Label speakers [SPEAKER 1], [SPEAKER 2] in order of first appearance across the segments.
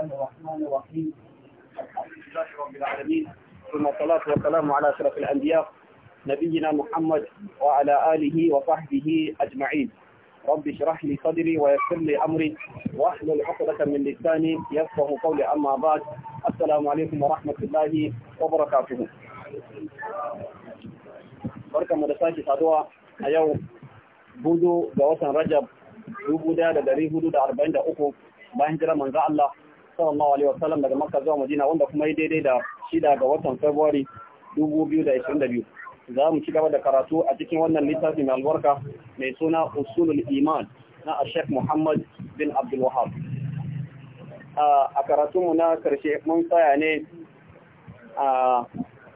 [SPEAKER 1] الله الرحمن الرحيم الحمد لله رب العالمين ثم الصلاة والسلام على أشرف الأنبياء نبينا محمد وعلى آله وصحبه أجمعين رب اشرح لي صدري ويسر لي أمري واحلل عقدة من لساني يفقه قولي أما بعد السلام عليكم ورحمة الله وبركاته barkan mu da اليوم saduwa a رجب budu ga watan Rajab 1443 bayan jira manzo sallallahu alaihi wasallam daga Makka zuwa Madina wanda kuma yi daidai da shida ga watan February 2022 za mu ci gaba da karatu a cikin wannan littafi mai albarka mai suna usulul iman na Sheikh Muhammad bin Abdul Wahab a karatunmu na karshe mun tsaya ne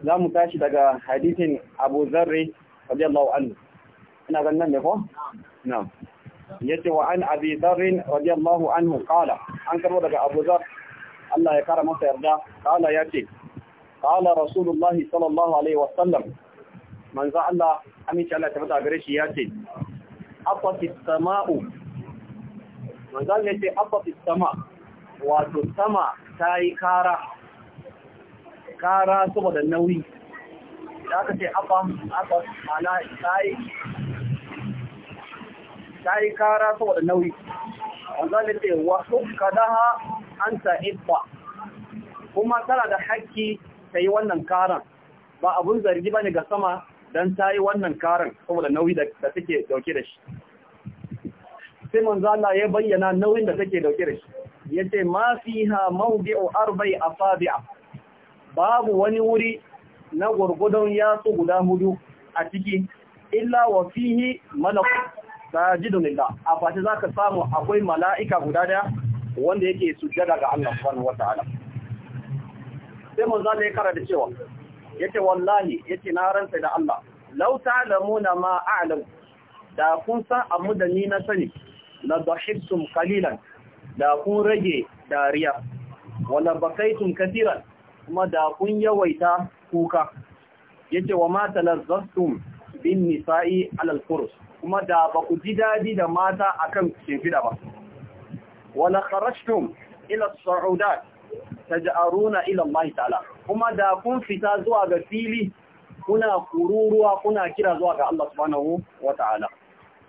[SPEAKER 1] za mu tashi daga hadisin Abu Zarri radiyallahu anhu ina ganin ne ko na'am yace wa an abi dharr radiyallahu anhu qala an karbo daga abu dharr الله يكرم وترضى قال ياتي قال رسول الله صلى الله عليه وسلم من زعل امين شاء الله تبدا غريشي ياتي اطت السماء من زعل ياتي اطت السماء واتو السماء تاي كارا كارا سبب النوي daka ce apa apa ana sai sai kara to da nauyi wanda anta ta'ibba kuma tana da haƙƙi ta yi wannan karan ba abun zargi bane ga sama dan ta yi wannan karan saboda nauyi da take dauke da shi sai manzala ya bayyana nauyin da take dauke da shi yace ma fiha mawdi'u arba'i asabi'a babu wani wuri na gurgudun yatsu guda hudu a ciki illa wa fihi malaku sajidun lillah a fati zaka samu akwai mala'ika guda daya wanda yake sujjada ga Allah subhanahu wata'ala sai manzo ne kara da cewa yace wallahi yace na ranta da Allah law ta'lamuna ma a'lam da kun san amma da ni na sani la dahibtum qalilan da kun rage dariya wala bakaitum katiran kuma da kun yawaita kuka yace wa ma talazzatum bin nisa'i alal furus kuma da ba ku ji dadi da mata akan shefida ba wala kharajtum ila as-su'udat taj'aruna ila Allah ta'ala kuma da kun fita zuwa ga fili kuna kururuwa kuna kira zuwa ga Allah subhanahu wa ta'ala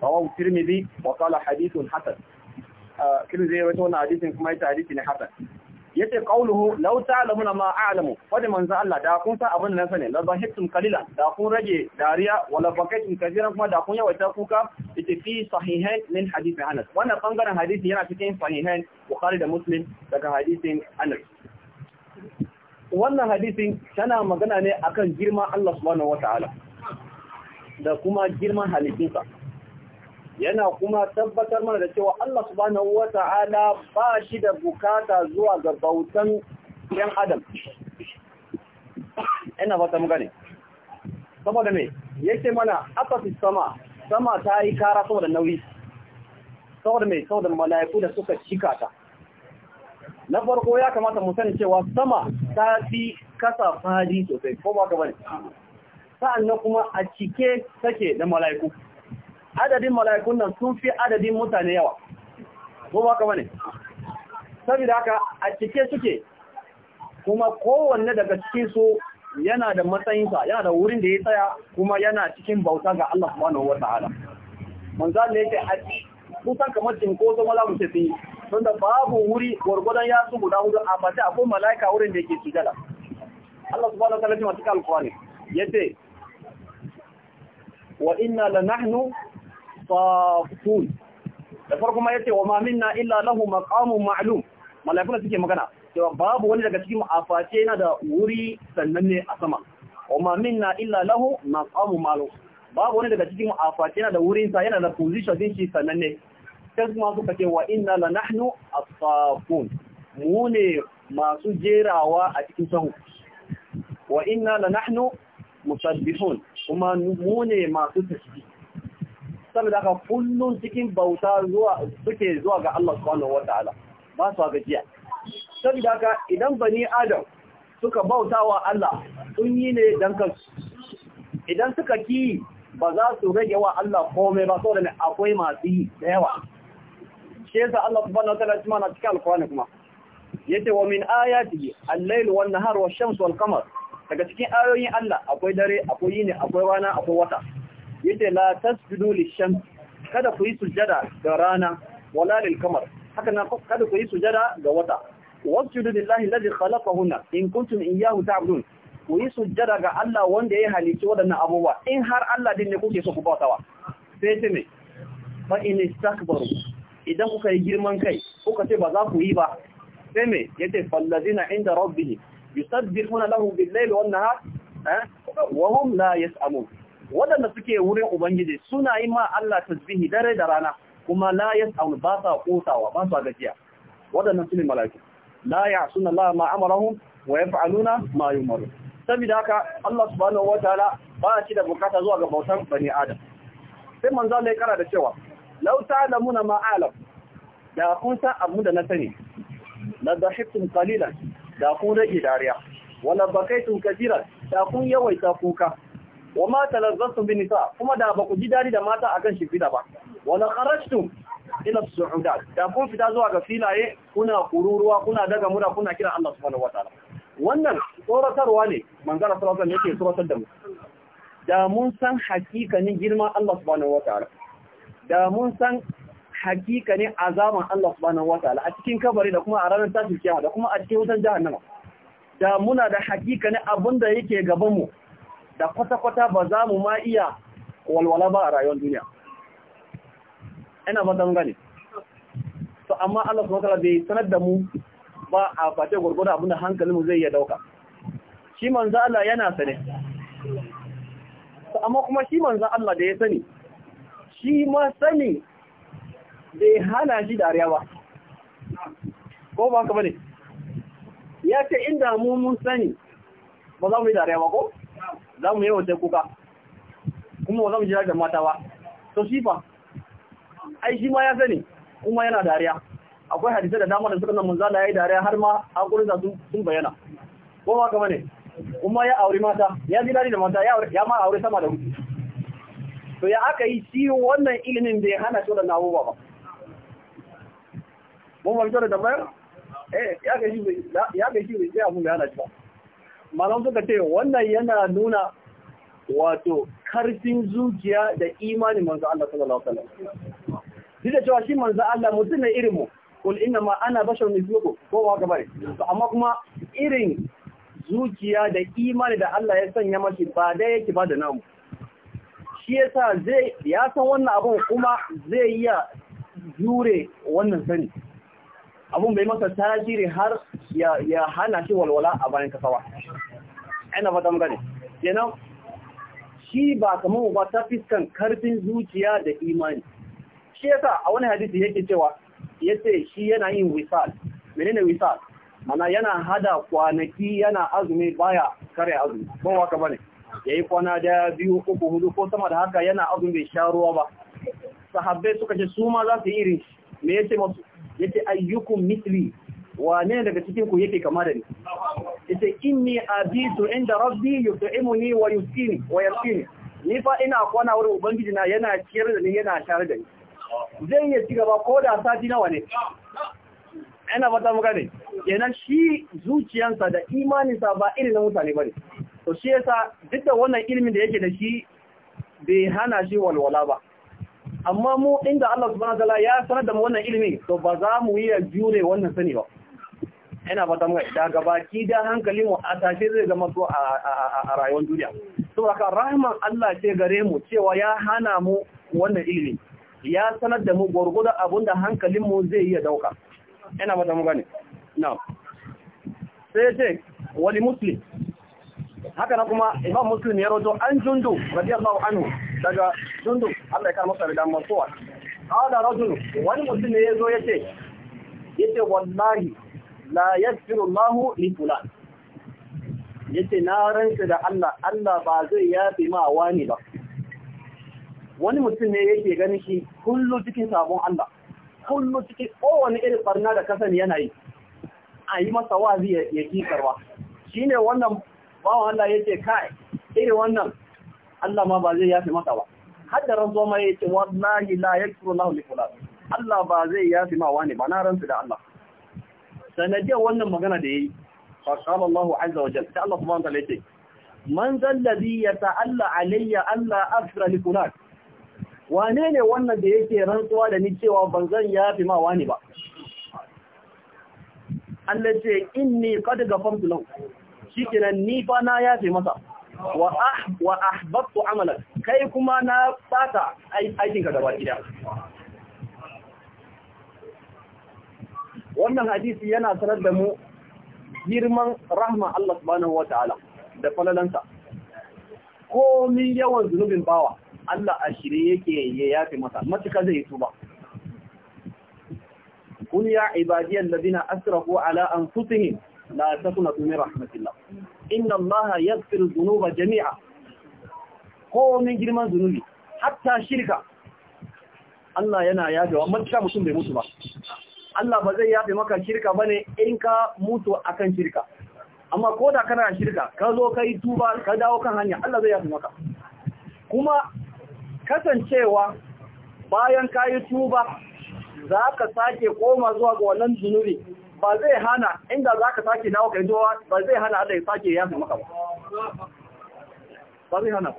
[SPEAKER 1] rawahu tirmidhi wa qala hadithun hasan ah, tirmidhi ya rawaito hadisin kuma ita hadisi ne hasan yace qauluhu law ta'lamuna ma a'lamu wani manzo Allah da kun san abin nan sane la dhahiktum qalila da kun rage dariya wala bakaitum kaseeran kuma da kun yawaita kuka yace fi sahihain min hadith Anas wannan bangaren hadisi yana cikin sahihain Bukhari da Muslim daga hadisin Anas wannan hadisin tana magana ne akan girman Allah subhanahu wataala da kuma girman halittunsa yana kuma tabbatar mana da cewa Allah subhanahu wata'ala ba shi da bukata zuwa ga bautan yan adam ina fata mu saboda me yake mana fi sama sama ta yi kara saboda nauyi saboda me saboda mala'iku da suka cika ta na farko ya kamata mu sani cewa sama ta fi kasa fadi sosai ko ba ka bane na kuma a cike take da mala'iku adadin mala'ikun nan sun fi adadin mutane yawa ko ba ka bane saboda haka a cike suke kuma kowanne daga cikin su yana da matsayinsa yana da wurin da ya tsaya kuma yana cikin bauta ga Allah subhanahu wata'ala manzo ne yake haji kusan kamar cinko maza mu tafi tunda babu wuri gurgudan ya su guda hudu a fata akwai malaika wurin da yake sujada Allah subhanahu wata'ala ya cikin ya yace wa inna nahnu as da farko ma yace wa ma na illa lahu maqamun ma'lum malaikuna suke magana cewa babu wani daga cikin aface yana da wuri sannan ne a sama wa ma minna illa lahu maqamun ma'lum babu wani daga cikin aface yana da wurin sa yana da position din shi sannan ne sai kuma suka ce wa inna la nahnu as safun mu ne masu jerawa a cikin sahu wa inna la nahnu musabbihun kuma mu ne masu tasbih saboda haka kullum cikin bauta zuwa suke zuwa ga Allah subhanahu ala, ba su gajiya saboda haka idan bani adam suka bauta wa Allah sun yi ne don kansu idan suka ki ba za su rage wa Allah komai ba saboda akwai masu yi da yawa shi yasa Allah subhanahu wataala shi ma na cikin alkwani kuma yace wa min ayati al-layl wan nahar wash-shams wal-qamar daga cikin ayoyin Allah akwai dare akwai yini akwai rana akwai wata yace la tasjudu lishams kada ku yi sujada ga rana wala lil qamar haka na kada ku yi sujada ga wata wasjudu lillahi alladhi khalaqahunna in kuntum iyyahu ta'budun ku yi sujada ga Allah wanda ya halicci waɗannan abubuwa in har Allah din ne kuke so ku bautawa sai ce ne fa in istakbaru idan kuka yi girman kai kuka ce ba za ku yi ba sai me yace fallazina inda rabbihim yusabbihuna lahu bil-layli wan-nahar eh? wa hum la yas'amun waɗanda suke wurin ubangiji suna yi ma Allah tasbihi dare da rana kuma la yas'un ba sa kosawa ba sa gajiya waɗannan sune ne mala'iku la ya'suna Allah ma amarahum wa yaf'aluna ma yumaru saboda haka Allah subhanahu wataala ba shi da bukata zuwa ga bautan bani adam sai manzo Allah ya kara da cewa law ta'lamuna ma a'lam da kun san abu da na sani la dahiktum qalilan da kun rage dariya wala bakaitum kathiran da kun yawaita kuka wa ma talazzatu bin nisa kuma da ba ku ji dadi da mata akan shifida ba wa la kharajtu ila su'udat da kun fita zuwa ga filaye kuna kururuwa kuna daga mura kuna kira Allah subhanahu wataala wannan tsoratarwa ne manzara sallallahu alaihi yake tsoratar da mu da mun san hakikanin girman Allah subhanahu wataala da mun san hakikanin azaman Allah subhanahu wataala a cikin kabari da kuma a ranar tashin kiyama da kuma a cikin wutan jahannama da muna da hakikanin abinda yake gaban mu da kwata-kwata ba za mu ma iya walwala ba a rayuwar duniya ina ba gani. to amma Allah subhanahu wataala bai sanar da mu ba a face gurgurda abinda hankalin mu zai iya dauka shi manzo Allah yana sane to amma kuma shi manzo Allah da ya sani shi ma sani bai hana shi dariya ba ko ba ka bane ya ce inda mu mun sani ba za mu yi dariya ba ko za mu yi sai kuka kuma za mu jira da mata ba to shi ba ai shi ma ya sani kuma yana dariya akwai hadisai da dama da suka nan manzala yi dariya har ma hakurin sa sun bayyana ko ba kama ne kuma ya aure mata ya ji dadi da mata ya ma aure sama da hutu to ya aka yi shi wannan ilimin da ya hana shi da nawo ba mun ba da bayar eh ya ga shi ya ga shi bai sai abun bai hana shi ba malam suka ce wannan yana nuna wato karfin zuciya da imanin manzo Allah sallallahu alaihi wasallam duk cewa shi manzo Allah mutum ne irin mu kul inna ma ana bashar mithluku ko wa gaba to amma kuma irin zuciya da imani da Allah ya sanya mashi ba da yake ba da namu shi yasa zai ya san wannan abun kuma zai iya jure wannan sani abun bai masa tasiri har ya hana shi walwala a bayan kasawa ina fatan gane kenan shi ba kamar ba ta fiskan karfin zuciya da imani shi yasa a wani hadisi yake cewa yace shi yana yin wisal menene wisal mana yana hada kwanaki yana azumi baya kare azumi ba waka bane yayi kwana da biyu uku hudu ko sama da haka yana azumi bai sha ruwa ba sahabbai suka ce su ma za su yi irin me yace musu yace ayyukum mithli wane daga cikin ku yake kama da ni yace inni abitu inda rabbi yut'imuni wa yusini wa yasini ni fa ina kwana wurin ubangiji na yana ciyar da ni yana tare da ni Zan iya ci gaba ko da sati nawa ne ina fata muka ne kenan shi zuciyansa da imaninsa ba irin na mutane bane to shi yasa duk da wannan ilimin da yake da shi bai hana shi walwala ba amma mu inda Allah subhanahu wa ta'ala ya sanar da mu wannan ilimi to ba za mu yi jure wannan sani ba ina fata mai daga baki da hankalin mu a tashi zai zama so a rayuwar duniya saboda ka rahman Allah ce gare mu cewa ya hana mu wannan ilimi ya sanar da mu gurgurda abinda hankalin mu zai iya dauka ina fata mu ne na'am sai ce wali muslim haka na kuma imam muslim ya roto an jundu radiyallahu anhu daga jundu Allah ya kama masa da marfuwa qala rajul wani mutum ne yazo yace yace wallahi la yaghfiru Allahu li fulan yace na ranka da Allah Allah ba zai yafe ma wani ba wani mutum ne yake ganin shi kullu cikin sabon Allah kullu cikin kowane irin barna da kasan yana yi a yi masa wazi ya kisarwa shi ne wannan bawan Allah ya ce kai irin wannan Allah ma ba zai yafi masa ba har da ranzo ma yace wallahi la yaghfiru lahu li fulan Allah ba zai yafi ma wani ba na rantsu da Allah sanadiyar wannan magana da yayi fa qala Allah azza wa jalla Allah subhanahu wa ta'ala yace man ya yata'alla alayya Allah afra li fulan wane ne wannan da yake rantsuwa da ni cewa ban zan fi ma wani ba Allah ce inni qad ghafartu lahu shikenan ni fa na yafe masa wa ah wa ahbabtu amalan kai kuma na bata aikinka gaba gida wannan hadisi yana sanar da mu girman rahma Allah subhanahu wata'ala da falalansa komin yawan zunubin bawa Allah a shirye yake ya yafe masa matuka zai yi tuba kun ya ibadiyar ladina asrafu ala anfusihim la taqnatu min rahmatillah inna Allah yaghfiru dhunuba jami'a komin girman zunubi hatta shirka Allah yana yafewa matuka mutum bai mutu ba Allah ba zai yafe maka shirka ba ne in ka mutu akan shirka amma ko da kana shirka ka zo ka yi tuba ka dawo kan hanya Allah zai yafe maka kuma kasancewa bayan ka yi tuba za ka sake koma zuwa ga wannan zunubi ba zai hana inda za ka sake dawo ka yi tuba ba zai hana Allah ya sake yafe maka ba ba zai hana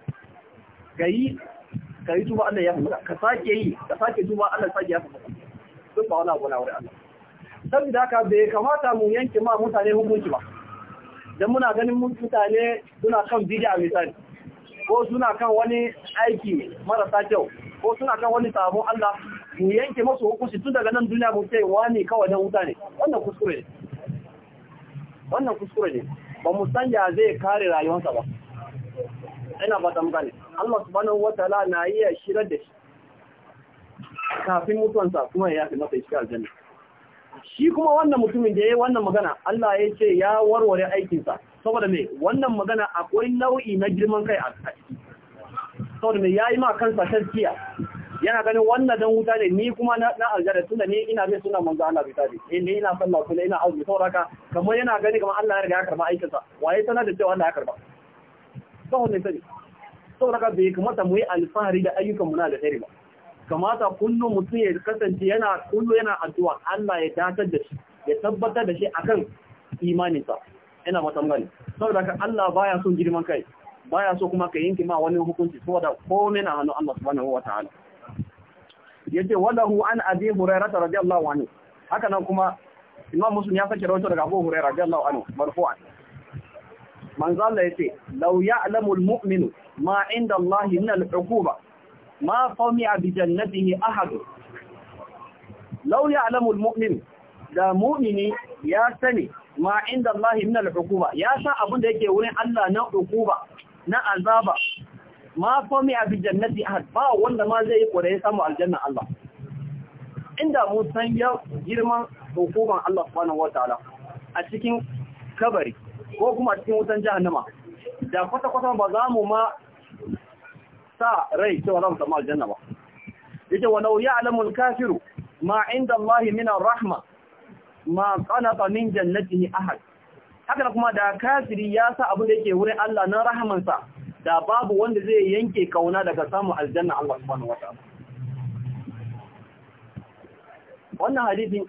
[SPEAKER 1] ka yi ka yi tuba Allah ya maka ka sake yi ka sake tuba Allah ya sake yafi maka sun ba wani abu na wurin Allah saboda haka bai kamata mu yanke ma mutane hukunci ba don muna ganin mutane suna kan bid'a misali ko suna kan wani aiki marasa kyau ko suna kan wani sabon Allah mu yanke masu hukunci tun daga nan duniya mu ce wani kawai don wuta ne wannan kuskure ne wannan kuskure ne ba mu san ya zai kare rayuwarsa ba ina ba tambaye Allah subhanahu wataala na iya shirar da shi kafin mutuwansa kuma ya fi masa iska aljanna shi kuma wannan mutumin da ya yi wannan magana Allah ya ce ya warware aikinsa saboda me wannan magana akwai nau'i na girman kai a ciki saboda me ya yi ma kansa tarkiya yana ganin wannan dan wuta ne ni kuma na aljanna tunda ni ina bin sunan manzo Allah bi tabi eh ni ina sallah kuma ina azumi saboda haka kamar yana gani kamar Allah ya riga ya karba aikinsa waye sanar da cewa Allah ya karba saboda ne sai saboda ka bai kamata mu yi alfahari da ayyukan mu na da ba kamata kullum mutum ya kasance yana kullum yana addu'a Allah ya datar da shi ya tabbatar da shi akan imaninsa ina mata gani saboda ka Allah baya son girman kai baya so kuma ka yanke ma wani hukunci saboda komai na hannu Allah subhanahu wataala yace hu an abi hurairah radiyallahu anhu haka nan kuma imam muslim ya sake rawaito daga abu hurairah radiyallahu anhu marfu'an manzo Allah yace law ya'lamul muminu ma inda Allah min al-'uquba ma fami'a bi jannatihi ahad law ya'lamu al-mu'min da mu'mini ya sani ma inda Allah min al-hukuma ya sa abin da yake wurin Allah na hukuma na azaba ma fami'a bi jannati ahad ba wanda ma zai yi korayi samu aljanna Allah inda mu san ya girman hukuman Allah subhanahu Ta'ala a cikin kabari ko kuma cikin wutan jahannama da kwata-kwata ba za mu ma sa rai cewa za mu samu aljanna ba yace wa law ya'lamu al-kafiru ma 'inda Allah min ar-rahma ma qanata min jannatihi ahad haka kuma da kafiri ya sa abin da yake wurin Allah na rahamansa da babu wanda zai yanke kauna daga samun aljanna Allah subhanahu wata. wannan hadisi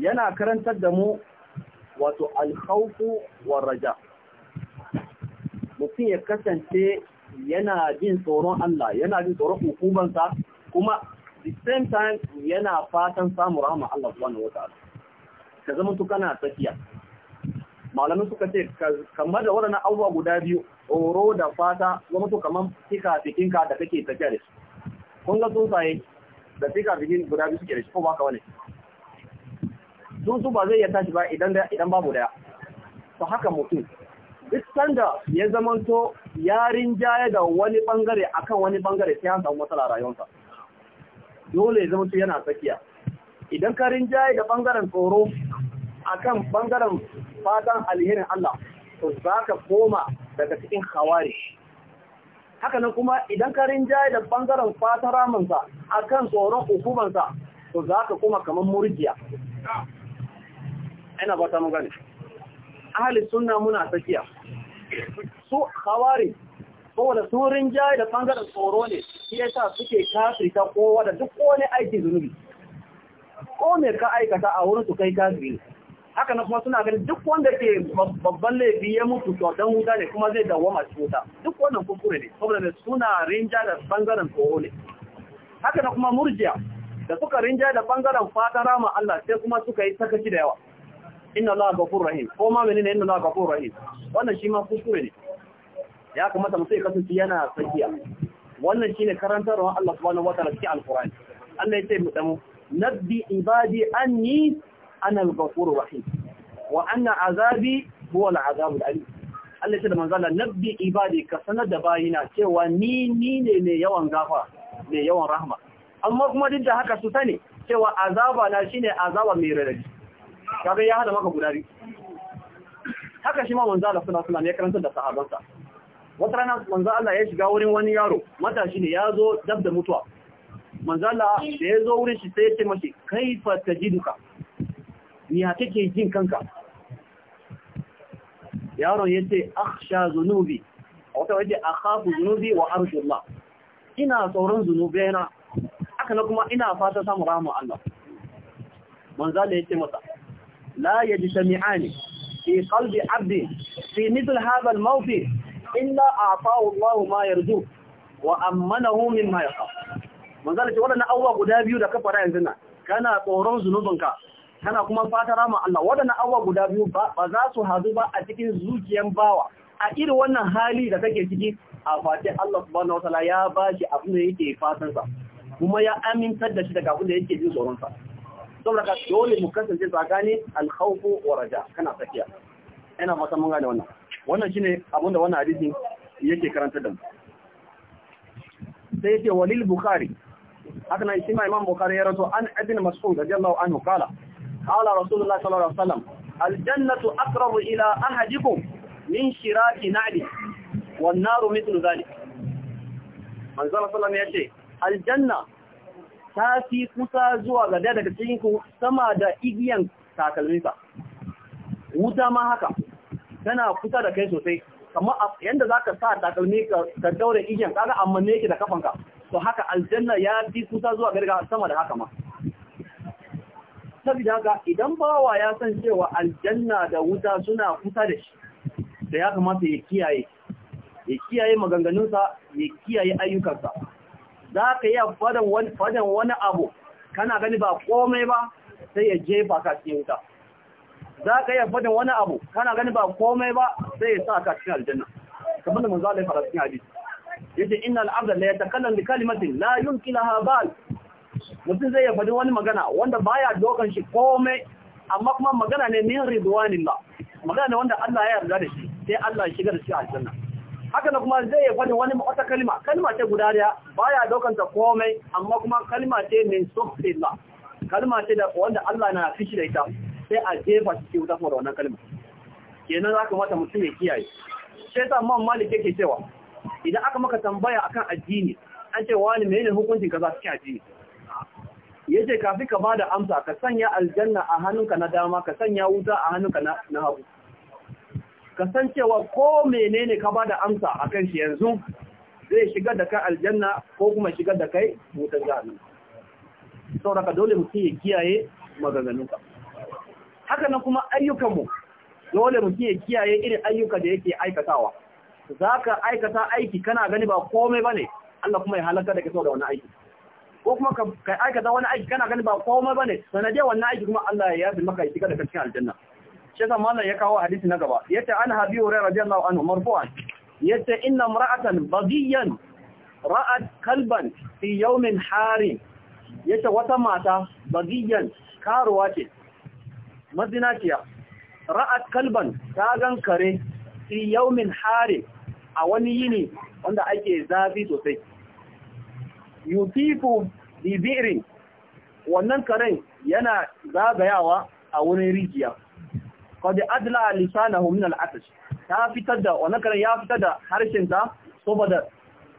[SPEAKER 1] yana karantar da mu wato al-khawfu raja mutum ya kasance yana jin tsoron Allah yana jin tsoron hukumansa kuma the same time yana fatan samun rahama Allah subhanahu wataala ka zama tu kana tafiya. malamin suka ce kamar da waɗannan abubuwa guda biyu tsoro da fata zama to kamar fika fikinka da kake tafiya da shi kun ga tsuntsaye da fika fikin guda biyu suke da shi ko ba ka wani tsuntsu ba zai iya tashi ba idan idan babu daya to haka mutum duk sanda ya zamanto yarin jaya da wani bangare akan wani bangare sai an samu matsala rayuwarsa dole ya zamanto yana tsakiya idan ka rinjaye da bangaren tsoro akan bangaren fatan alherin Allah to za ka koma daga cikin hawari haka nan kuma idan ka rinjaye da bangaren fatan ramansa akan tsoron hukumansa to za ka koma kamar murjiya ina ba ta magana ahli sunna muna tsakiya su khawari saboda sun rinjaye da bangaren tsoro ne shi yasa suke kafiri ta kowa da duk wani aikin zunubi ko me ka aikata a wurin su kai kafiri haka na kuma suna ganin duk wanda ke babban laifi ya mutu to dan wuta ne kuma zai dawo cikin wuta duk wannan kuskure ne saboda suna rinja da bangaren tsoro ne haka na kuma murjiya da suka rinja da bangaren fatan rama Allah sai kuma suka yi sakaci da yawa inna Allah ghafur rahim ko ma menene inna Allah ghafur rahim wannan shi ma kuskure ne ya kamata mutum ya kasance yana tsakiya wannan shine karantarwa Allah subhanahu wataala cikin alqur'ani Allah ya ce mu damu nabbi ibadi anni ana al-ghafur rahim wa anna azabi huwa al-azab al-alim Allah ya ce da manzala nabbi ibadi ka sanar da bayina cewa ni ni ne ne yawan gafa ne yawan rahma amma kuma duk da haka su sani cewa azaba na shine azaba mai radadi kaga ya hada maka gudari haka shi ma manzo Allah sallallahu alaihi wasallam ya karanta da sahabansa wata rana manzo Allah ya shiga wurin wani yaro matashi ne ya zo dab da mutuwa manzo Allah da ya zo wurin shi sai ya ce mashi ta tajiduka ni ha kake jin kanka yaron ya ce akhsha zunubi wata waje akhafu zunubi wa arju Allah ina tsoron na. haka na kuma ina fata samu rahama Allah manzo Allah ya ce masa لا يجتمعان في قلب عبد في مثل هذا الموقف إلا أعطاه الله ما يرجوه وأمنه مما يخاف manzala ce waɗannan abubuwa guda biyu da ka faɗa yanzu nan kana tsoron zunubinka kana kuma fata rama Allah Wadana auwa guda biyu ba za su hazu ba a cikin zuciyan bawa a irin wannan hali da kake ciki a fatin Allah subhanahu wataala ya ba abin da yake fatansa kuma ya amintar da shi daga abin da yake jin tsoronsa saboda ka dole mu kasance tsakanin alkhawfu wa raja kana tsakiya ina fata mun gane wannan wannan shine abin da wannan hadisin yake karanta da mu sai yake walil bukhari haka nan shi ma imam bukhari ya rato an ibn mas'ud radiyallahu anhu kala qala rasulullah sallallahu alaihi wasallam aljannatu aqrabu ila ahadikum min shiraki na'li wan naru mithlu dhalik sallallahu alaihi wasallam yace aljanna ta fi kusa zuwa ga daya daga cikin sama da igiyan takalminka. wuta ma haka tana kusa da kai sosai kamar yadda za ka sa takalmi ka daure igiyan kaga amma ne da kafanka to haka aljanna ya fi kusa zuwa ga sama da haka ma saboda haka idan bawa ya san cewa
[SPEAKER 2] aljanna
[SPEAKER 1] da wuta suna kusa da shi da ya kamata ya kiyaye ya kiyaye maganganunsa ya kiyaye ayyukansa za ka iya fadan wani abu kana gani ba komai ba sai ya jefa ka cikin wuta za ka iya fadan wani abu kana gani ba komai ba sai ya sa ka cikin aljanna kamar da manzo Allah ya fara cikin hadisi yace innal abda la yatakallam bi kalimatin la yunkilaha bal mutum zai faɗi wani magana wanda baya dokan shi komai amma kuma magana ne min ridwanillah magana ne wanda Allah ya yarda da shi sai Allah ya shiga da shi aljanna haka na kuma zai faɗi wani wata kalima kalima ce guda daya baya daukan ta komai amma kuma kalima ce min suhbillah Kalima ce da wanda Allah na fishi da ita sai a jefa cikin wuta fara wannan kalima. kenan za ka mata mutum ya kiyaye sai yasa man malik yake cewa idan aka maka tambaya akan addini an ce wani menene hukuncin kaza ka addini yace kafi ka bada amsa ka sanya aljanna a hannunka na dama ka sanya wuta a hannunka na hagu kasancewa ko menene ka bada amsa akan shi yanzu zai shigar da kai aljanna ko kuma shigar da kai wutar jahannam sauraka dole mutum ya kiyaye maganganunka haka nan kuma ayyukanmu dole mutum ya kiyaye irin ayyuka da yake aikatawa za ka aikata aiki kana gani ba komai ba ne Allah kuma ya halaka da kyau da wani aiki ko kuma ka aikata wani aiki kana gani ba komai ba ne sanadiyar wannan aiki kuma Allah ya yi maka ya shiga da cikin aljanna shi zamanin ya kawo hadisi na gaba yace an habi hurairah radiyallahu anhu marfu'an yace inna imra'atan badiyan ra'at kalban fi yawmin harin yace wata mata badiyan karuwa ce mazinaciya ra'at kalban ta gan kare fi yawmin a wani yini wanda ake zafi sosai yutifu bi'rin wannan karen yana zagayawa a wurin rijiya qad adla lisanahu min al'atash ta fitar da wannan karan ya fitar da harshen ta saboda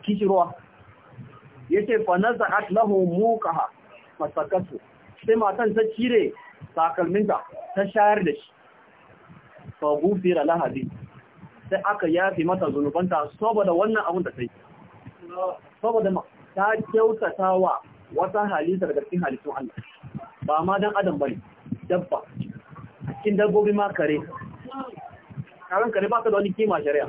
[SPEAKER 1] kishirwa yace fa nazaqat lahu muqaha fasakatu sai matan ta cire takalminta ta shayar da shi fa gufira lahadi sai aka yafi mata zunubanta saboda wannan abun da sai saboda ta kyautatawa wata halitta daga cikin halittun Allah ba ma dan adam bane dabba cikin dabbobi ma kare karan kare ba ka da wani kima shari'a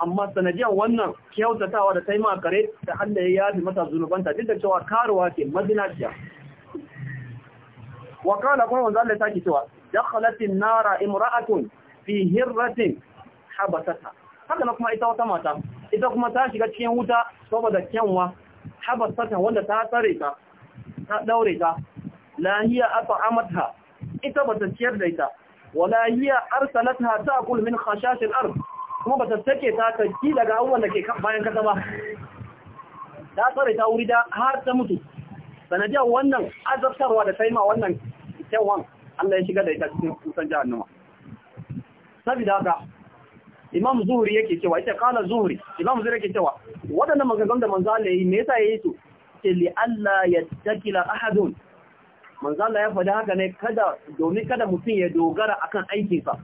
[SPEAKER 1] amma sanadiyar wannan kyautatawa da ta yi ma kare ta Allah ya yafi mata zunubanta duk da cewa karuwa ke mazinaciya wa kala kuma wanzu Allah ya sake cewa dakhalatin nara imra'atun fi hirratin habasata haka na kuma ita wata mata ita kuma ta shiga cikin wuta saboda kyanwa habasata wanda ta tsare ta ta daure ta lahiya afa amatha ita ba ta ciyar da ita wala hiya arsalatha taqul min khashash al-ard kuma ba ta take ta ta ki daga abubuwan da ke bayan kasa ba ta tsare ta wuri da har ta mutu sanadiyar wannan azabtarwa da taima wannan kyanwan Allah ya shiga da ita cikin kusan jahannama saboda haka imam Zuhri yake cewa ita kala Zuhri. imam Zuhri yake cewa waɗannan maganganun da manzo Allah yi me yasa yayi su ce li Allah yattakila ahadun manzo Allah ya faɗi haka ne kada domin kada mutum ya dogara akan sa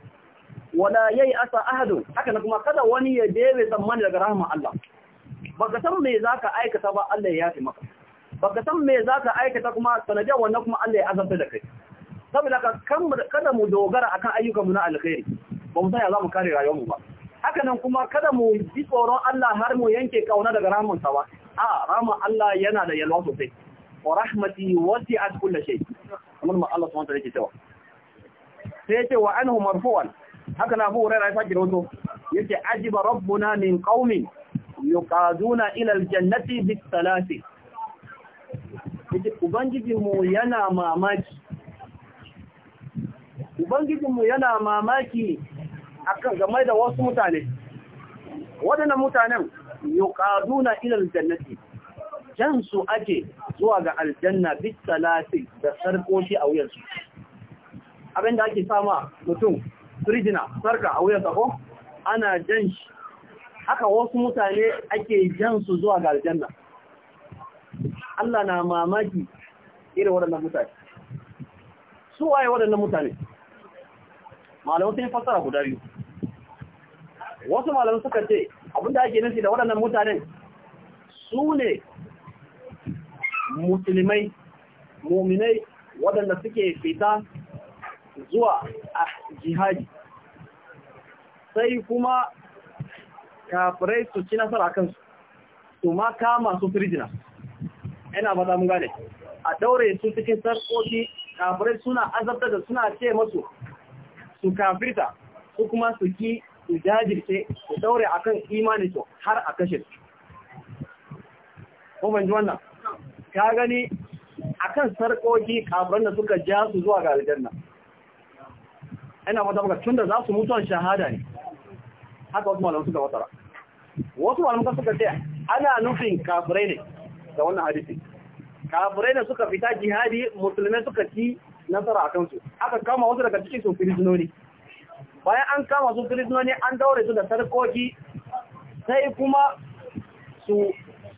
[SPEAKER 1] wala yayi asa ahadun haka ne kuma kada wani ya debe tsammani daga rahman Allah baka san me zaka aikata ba Allah ya yafi maka baka san me zaka aikata kuma sanadiyar wannan kuma Allah ya azanta da kai saboda ka kada mu dogara akan mu na alkhairi ba mu san ya zamu kare rayuwarmu ba haka nan kuma kada mu ji tsoron Allah har mu yanke kauna daga rahman sa ba a rahman Allah yana da yalwa sosai wa rahmati wasi'at kulli shay kamar ma Allah subhanahu wa ta'ala yake cewa sai yace wa anhu marfu'an haka na Abu Hurairah ya sake rawato yace ajiba rabbuna min qaumin yuqaduna ila aljannati bis salati yace ubangiji mu yana mamaki ubangiji mu yana mamaki akan game da wasu mutane waɗannan mutanen yuqaduna ila aljannati jan su ake zuwa ga aljanna bis salati da sarkoshi a wuyansu abinda ake sama mutum firjina sarka a wuyan ko ana jan shi haka wasu mutane ake jan su zuwa ga aljanna Allah na mamaki irin waɗannan mutane su waye waɗannan mutane malamu sun fasara guda biyu wasu malamu suka ce abinda ake nufi da waɗannan mutanen su ne musulmai muminai waɗanda suke fita zuwa a jihadi sai kuma kafirai su ci nasara kansu su ma kama su firjina ina ba za mu gane a daure su cikin sarkoki kafirai suna azabta da suna ce masu su kafirta su kuma su ki su jajirce su daure akan imani to har a kashe su ko ban ji wannan ka gani akan sarkoki kafin da suka ja su zuwa ga aljanna ina mata baka tunda za su mutuwan shahada ne haka wasu malamu suka wasara wasu malamu suka ce ana nufin kafirai ne da wannan hadisi kafirai ne suka fita jihadi musulmai suka ci nasara a kansu aka kama wasu daga cikin su firistinoni bayan an kama su firistinoni an daure su da sarkoki sai kuma su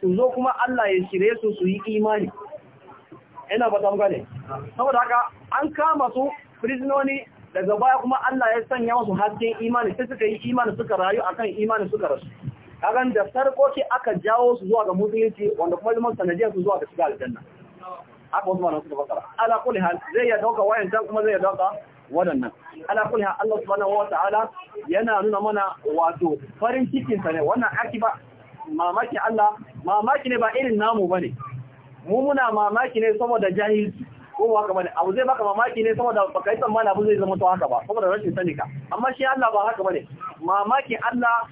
[SPEAKER 1] su zo kuma Allah ya shirye su su yi imani ina ba ta gane saboda haka an kama su prisoners daga baya kuma Allah ya sanya musu hasken imani sai suka yi imani suka rayu akan imani suka rasu kaga da sarkoki aka jawo su zuwa ga musulunci wanda kuma zaman sanadiyar su zuwa ga shiga aljanna haka wasu ne suka fasara ala kulli hal zai ya dauka wayan can kuma zai ya dauka wadannan ala kulli hal Allah subhanahu wa ta'ala yana nuna mana wato farin cikin sa ne wannan akiba mamaki Allah mamaki ne ba irin namu bane mu muna mamaki ne saboda jahilci ko ba haka bane abu zai baka mamaki ne saboda baka yi tsammani abu zai zama to haka ba saboda rashin sani ka amma shi Allah ba haka bane mamaki Allah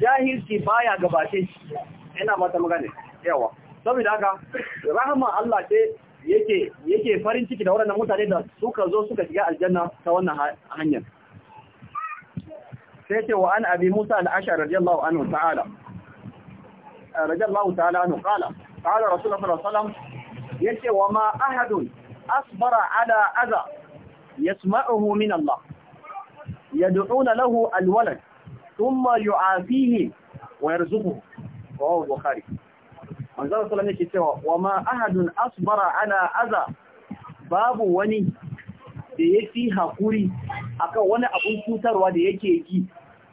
[SPEAKER 1] jahilci baya gabace shi ina mata magana yawa saboda haka rahama Allah ce yake yake farin ciki da waɗannan mutane da suka zo suka shiga aljanna ta wannan hanyar sai ce wa an abi Musa al-Ash'ari radiyallahu anhu ta'ala radiyallahu ta'ala anhu qala qala rasulullah sallallahu alaihi wasallam yace wa ma ahadun asbara ala adha yasma'uhu min Allah yad'una lahu alwalad thumma yu'afihi wa yarzuquhu rawahu bukhari manzo sallallahu alaihi yake cewa wa ma ahadun asbara ala adha babu wani da yafi hakuri akan wani abun cutarwa da yake yi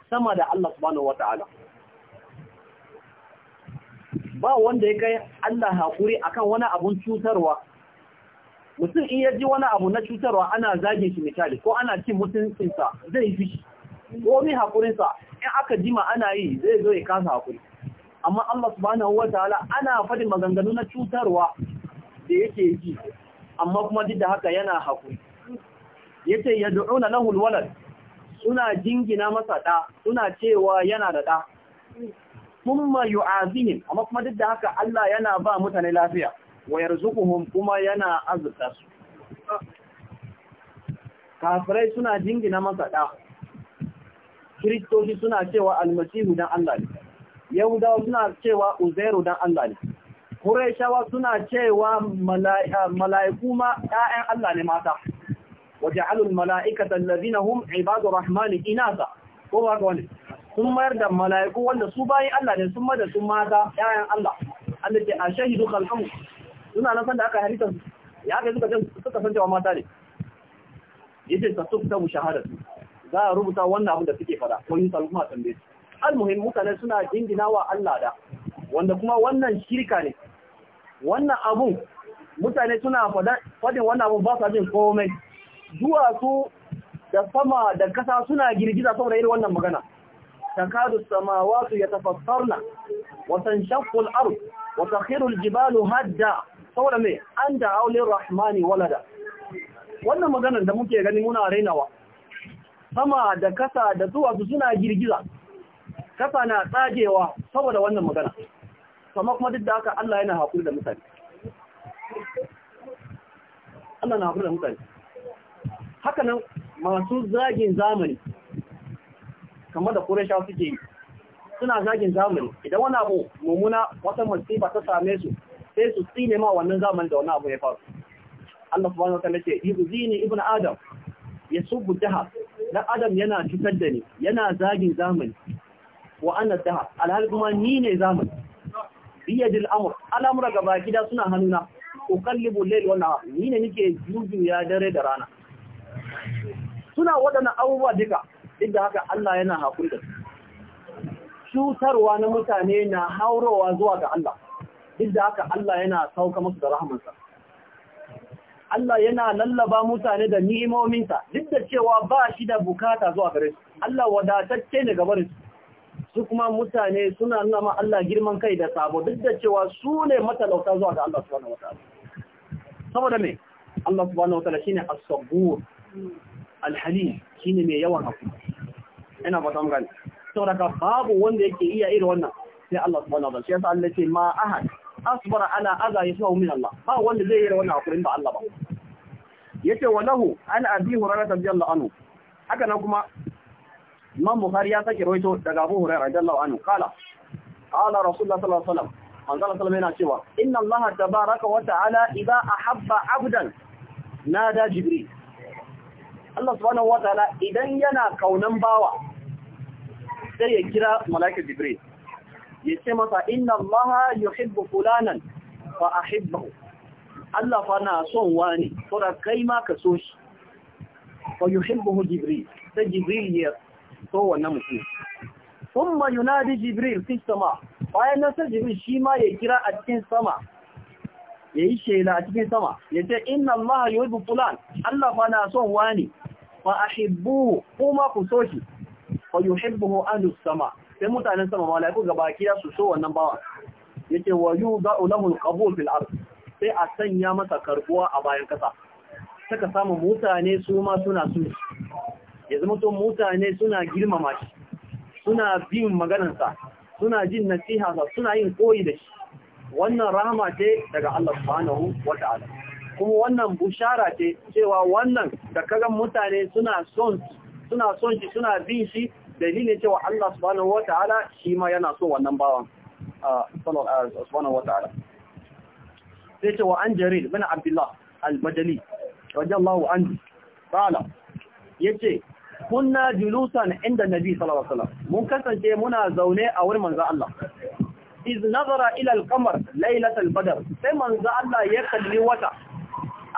[SPEAKER 1] sama da Allah ba wanda ya kai Allah haƙuri akan wani abun cutarwa mutum in ya ji wani abu na cutarwa ana zagin shi misali ko ana cin mutuncinsa zai fi shi ko mai haƙurinsa in aka jima ana yi zai zo ya kasa haƙuri amma Allah subhanahu wa ta'ala ana faɗin maganganu na cutarwa da yake ji amma kuma duk da haka yana haƙuri yace du'una lahu alwalad suna jingina masa da suna cewa yana da da thumma yu'azihim amma kuma duk da haka Allah yana ba mutane lafiya wa yarzuquhum kuma yana azurta su kafirai suna jingina masa da kiristoci suna cewa almasihu dan Allah ne yahudawa suna cewa uzairu dan Allah ne Qurayshawa suna cewa mala'iku ma Allah ne mata, waje alul mala'ikata lalzina hum ibadu rahmani inasa, ko ba ka wani? sun mayar da mala'iku wanda su bayan Allah ne sun mada sun mata ƴaƴan Allah Allah ke a shahidu khalqahu suna nan sanda aka halitta ya aka suka suka san cewa mata ne yace ta su ta shahada za a rubuta wannan abin da suke fada ko yin saluma tambaye almuhim mutane suna dinginawa Allah da wanda kuma wannan shirka ne wannan abun mutane suna fadin wannan abun ba sa jin komai zuwa su da sama da kasa suna girgiza saboda irin wannan magana تكاد السماوات يتفطرن وتنشق الأرض وتخير الجبال هدا saboda mai an da aulin rahmani walada wannan maganar da muke gani muna rainawa sama da kasa da zuwa su suna girgiza kasa na tsagewa saboda wannan magana kuma kuma duk da haka Allah yana haƙuri da mutane Allah na haƙuri da mutane haka nan masu zagin zamani kamar da Qurayshawa suke yi suna zagin zamani idan wani abu mummuna wata masifa ta same su sai su tsine ma wannan zamani da wani abu ya faru Allah subhanahu ta'ala ce zini ibn adam yasubbu daha dan adam yana cutar da ni yana zagin zamani wa ana dahab alhal kuma ni ne zamani biyadil amr al'amura gaba gida suna hannuna ukallibu layl wa nahar ni ne nike juju ya dare da rana suna waɗannan abubuwa duka duk da haka Allah yana haƙuri da su cutarwa na mutane na haurowa zuwa ga Allah duk da haka Allah yana sauka musu da rahamansa Allah yana lallaba mutane da ni'imominsa duk da cewa ba shi da bukata zuwa gare su Allah wadatacce ne gabar su su kuma mutane suna nuna ma Allah girman kai da sabo duk da cewa su ne matalauta zuwa ga Allah subhanahu wataala saboda me Allah subhanahu wataala shine as-sabur alhalim shine mai yawan hakuri ina fatan gani saboda ka babu wanda yake iya irin wannan sai Allah subhanahu wa ta'ala shi yasa Allah ce ma ahad asbara ala adha yasau min Allah ba wanda zai yi irin wannan hakurin ba Allah ba yace walahu lahu an abi hurairah radiyallahu anhu haka nan kuma Imam Bukhari ya sake rawaito daga Abu Hurairah radiyallahu anhu kala qala Rasulullah sallallahu alaihi wasallam manzo sallallahu yana cewa inna Allah tabaaraka wa ta'ala a habba 'abdan na da Jibril Allah subhanahu wataala idan yana kaunan bawa sai ya kira malaika Jibril ya ce masa inna Allaha yuhibbu fulanan fa ahibbahu Allah fa na son wani ko da kai ma ka so shi fa yuhibbuhu Jibril sai Jibril ya so wannan mutum ثم ينادي جبريل في السماء bayan nasar jibril shi ma ya kira a cikin sama ya yi shela a cikin sama ya ce inna allaha yuhibbu fulan allah fa na son wani fa ahibbuhu kuma ku so shi fa yuhibbuhu ahlu sama sai mutanen sama malaiku gaba kiya su so wannan bawa yake wa yudau lahu alqabul fil ard sai a sanya masa karbuwa a bayan kasa saka samu mutane su ma suna su ya zama to mutane suna girmama shi suna bin maganarsa suna jin nasiha suna yin koyi da shi wannan rahama ce daga Allah subhanahu wata'ala kuma wannan bushara ce cewa wannan da kagan mutane suna son shi suna bin shi dalilin cewa Allah subhanahu wataala shi ma yana so wannan bawan subhanahu wataala sai cewa an jarir mana abdullah al-madani Wajen radiyallahu anhu qala yace kunna na inda nabi sallallahu alaihi wasallam mun kasance muna zaune a wurin manzo Allah iz nazara ila al-qamar laylatal badr sai manzo Allah ya kalli wata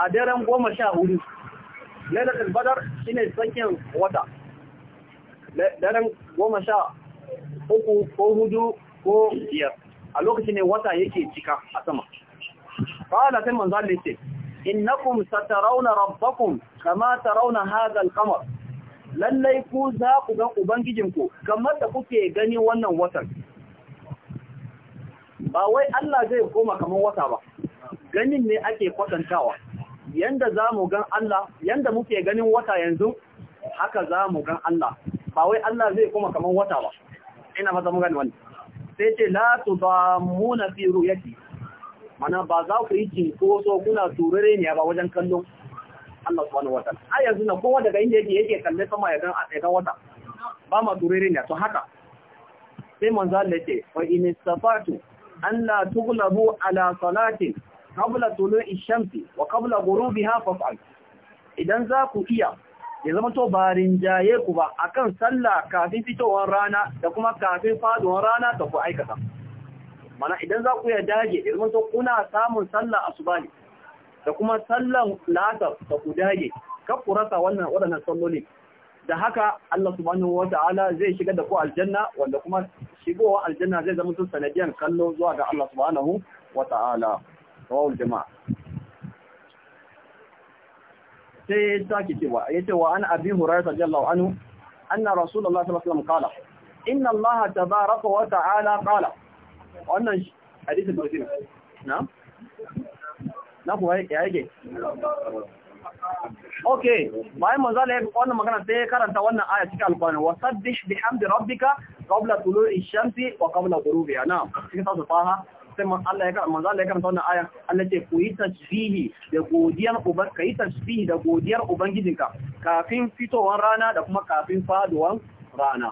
[SPEAKER 1] a daren goma sha hudu lailatul badar shine tsakin wata daren goma sha uku ko hudu ko biyar a lokaci ne wata yake cika a sama qala sai manzo Allah yace innakum satarawna rabbakum kama tarawna hadha al-qamar lallai ku za ku ga ubangijinku kamar da kuke gani wannan watan ba wai Allah zai koma kamar wata ba ganin ne ake kwatantawa yanda za mu gan Allah yanda muke ganin wata yanzu haka za mu gan Allah ba wai Allah zai kuma kaman wata ba ina za mu gani wani sai ce la tudamuna fi ru'yati mana ba za ku yi cinkoso kuna turare ne ba wajen kallon Allah subhanahu ta'ala a yanzu na kowa daga inda yake yake kalle sama ya gan a wata ba ma turare ne to haka sai manzo Allah ce wa in istafatu an la tughlabu ala salatin qabla tulu'i shamsi wa qabla ghurubiha faf'al idan za ku iya ya zama to ba rinjaye ku ba akan sallah kafin fitowar rana da kuma kafin faduwar rana da ku aikata mana idan za ku ya dage ya zama to kuna samun sallah asuba ne da kuma sallan lasar da ku dage kar ku rasa wannan waɗannan salloli da haka Allah subhanahu wata'ala zai shiga da ku aljanna wanda kuma shigowa aljanna zai zama tun sanadiyar kallo zuwa ga Allah subhanahu wata'ala rawul jama'a sai ya sake cewa ya ce wa an abi hurairah radiyallahu anhu anna rasulullahi sallallahu alaihi wasallam qala inna allaha tabaaraka wa ta'ala kala. wannan hadisin muslim na na ku ya yake Ok. bayan manzo da wannan magana sai ya karanta wannan aya cikin alqur'ani wa sabbih bihamdi rabbika qabla tulu'i shamsi wa qabla ghurubiha na cikin sura taha sai Allah ya manzo Allah ya karanta wannan aya. Allah ce ku yi tasbihi da godiyar uban kai tasbihi da godiyar ubangijinka kafin fitowar rana da kuma kafin faduwar rana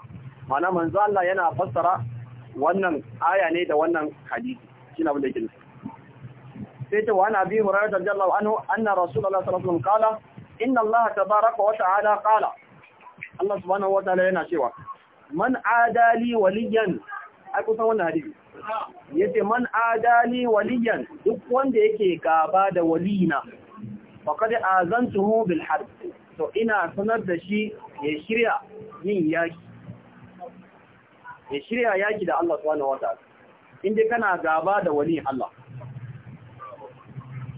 [SPEAKER 1] mana manzo Allah yana fassara wannan aya ne da wannan hadisi shi abin da yake sai ta wani abi hurairah radiyallahu anhu anna rasulullah sallallahu alaihi wasallam kala inna Allah tabaaraka wa ta'ala kala Allah subhanahu wa ta'ala yana cewa man adali waliyan ai kusan wannan hadisi yace man adali waliyan duk wanda yake gaba da walina faqad azantuhu bil harb to ina sanar da shi ya shirya yin yaki ya shirya yaki da Allah subhanahu wataala inda kana gaba da wali Allah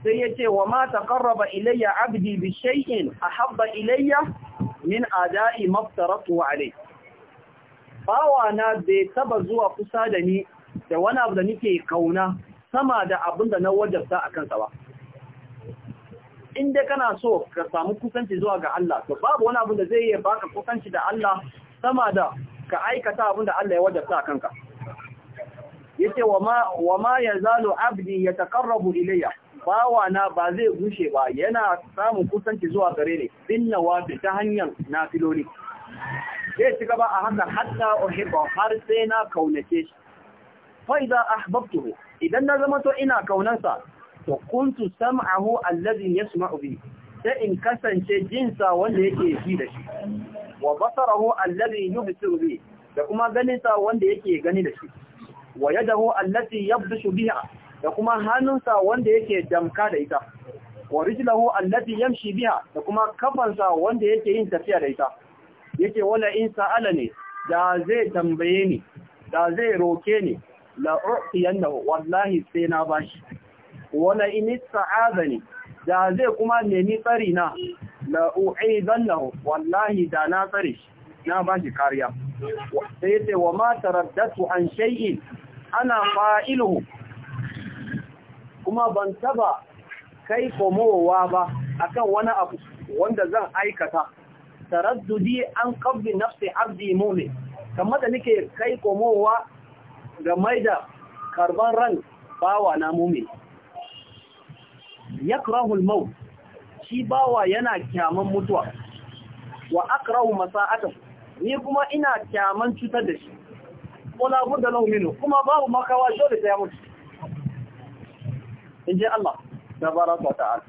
[SPEAKER 1] sai yace wa ma taqarraba ilayya abdi bi shay'in ahabba ilayya min ada'i maftaratu alayhi bawa na bai taba zuwa kusa da ni da wani abu da nike kauna sama da abin da na wajabta a kansa ba inda kana so ka samu kusanci zuwa ga Allah to babu wani abu da zai iya baka kusanci da Allah sama da ka aikata abin da Allah ya wajabta a kanka yace wa ma ya ma yazalu abdi yataqarrabu ilayya bawa na ba zai gushe ba yana samun kusanci zuwa gare ni bin ta hanyar nafiloni zai ci gaba a haka hatta uhibba har sai na kaunace shi a ahbabtuhu idan na zama to ina kaunansa to kuntu sam'ahu allazi yasma'u bi sai in kasance jinsa wanda yake ji da
[SPEAKER 2] shi
[SPEAKER 1] wa basarahu allazi yubsiru bi da kuma ganinsa wanda yake gani da shi wa yadahu allati yabdushu biha da kuma hannunsa wanda yake damka da ita wa rijlahu allati yamshi biha da kuma kafansa wanda yake yin tafiya da ita yake wala in sa'ala ne da zai tambaye ni da zai roke ni la'u'tiyannahu wallahi sai na bashi wala in ne, da zai kuma nemi tsari na la'u'idannahu wallahi da na tsari na na bashi kariya sai sai wa ma taraddatu an shay'in ana fa’ilu, kuma ban taba kai komowa ba akan wani abu wanda zan aikata taraddudi an kabbi nafsi abdi mu'min kamar da nake kai komowa ga maida karban ran bawa na mumin yakrahul mau shi bawa yana kyaman mutuwa wa akrahu masa'atan ni kuma ina kyaman cutar da shi wala budda lahu minhu kuma babu makawa dole sai ya mutu inji Allah tabaraka wa ta'ala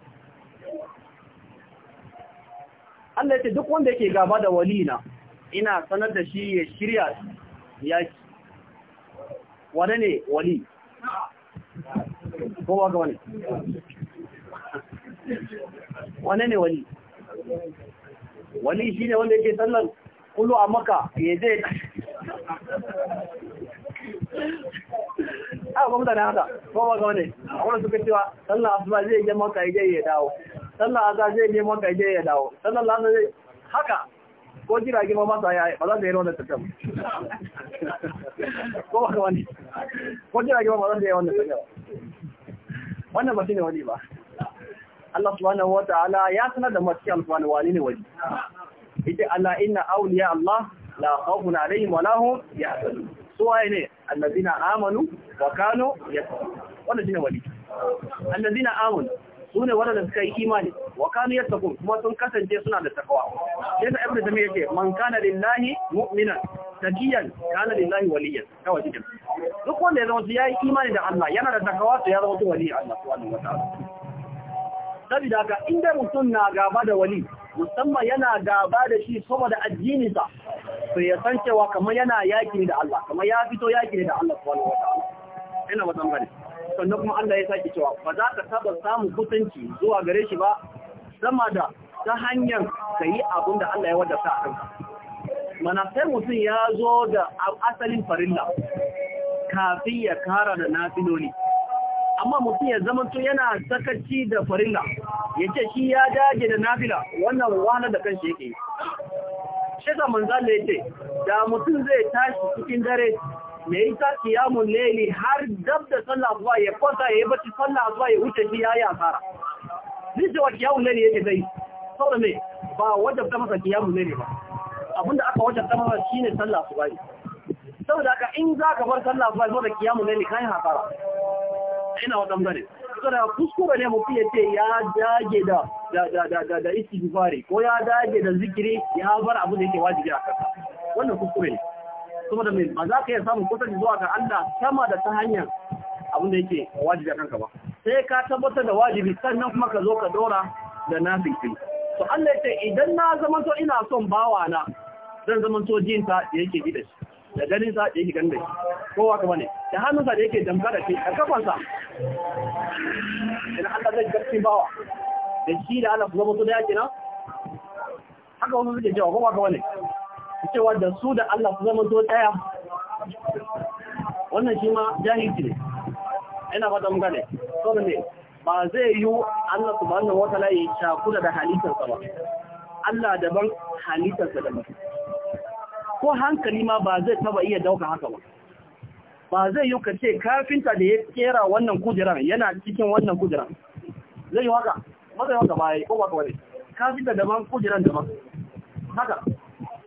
[SPEAKER 1] Allah ya ce duk wanda yake gaba da walina ina sanar da shi ya shirya yaki wane ne wali ko ga wani wane ne wali wali shi ne wanda yake sallar kulu a maka ya je a ga mutane haka ko ga wani wanda suka cewa sallar asuba zai je maka ya je ya dawo sallar azza zai je maka ya je ya dawo sallar lasa zai haka ko jirage ma ba sa yaya ba za ta yi wannan tafiya ba ko ba wani ko jira ma ba za su yi wannan tafiya ba wannan ba shi ne wani ba Allah subhanahu wa ta'ala ya sanar da masu alfanu wani ne wani ita Allah inna awliya Allah la khawfun alaihim wa lahum yahzanun su waye ne annabina amanu wa kanu yasun wannan shine wali annabina amanu su ne waɗanda suka yi imani wa kanu kun kuma sun kasance suna da takawa sai da ibnu jami'a yake man kana lillahi mu'minan taqiyan kana lillahi waliyan kawai cikin duk wanda ya zama ya yi imani da Allah yana da takawa to ya zama to wali Allah subhanahu wataala Sabida haka inda mutum na gaba da wali musamman yana gaba da shi saboda addinisa, to ya san cewa kamar yana yaki da Allah kamar ya fito yaki da Allah subhanahu wataala ina mutum gani sannan kuma Allah ya sake cewa ba za ka saba samun kusanci zuwa gare shi ba Zama da ta hanyar ka yi abin da Allah ya wadata a kanka mana sai mutum ya zo da asalin farilla kafin ya kara da nafiloli amma mutum ya zama to yana sakaci da farilla ya ce shi ya dage da nafila wannan wahalar da kan yake yi shi zaman zalla ya ce da mutum zai tashi cikin dare me yasa qiyamul layli har dab da sallah zuwa ya kwanta ya bace sallah zuwa ya wuce shi yayi asara ni da wata qiyamul layli yake zai saboda me ba wajab ta masa qiyamul layli ba abinda aka wajab ta masa shine sallah yi saboda haka in za ka bar sallah subhi saboda qiyamul layli kai hasara ina wa dangane kada kuskure ne mutum ya ce ya dage da da da da da istighfari ko ya dage da zikiri ya bar abu da yake wajibi a kansa wannan kuskure ne saboda mai ba za ka iya samun kusanci zuwa ga Allah sama da ta hanyar abin da yake wajibi a kanka ba sai ka tabbatar da wajibi sannan kuma ka zo ka dora da na fikri to Allah ya ce idan na to ina son bawa na zan zamanto jin ta da yake ji da shi da ganin sa da yake ganin da shi kowa ka bane da hannunsa da yake damka da shi a kafansa idan Allah zai garfin bawa da shi da Allah ku zamanto da yake na haka wasu suke cewa kowa ka bane cewa da su da Allah su zama to daya wannan shi ma jahilci ne ina fata mun gane to ne ba zai yi Allah subhanahu wataala ya shakuda da halittarsa ba Allah daban halittarsa daban ko hankali ma ba zai taba iya dauka haka ba ba zai yi kace kafinta da ya kera wannan kujeran yana cikin wannan kujeran zai yi haka ba zai haka ba yi ko ba ka wani kafinta daban kujeran daban haka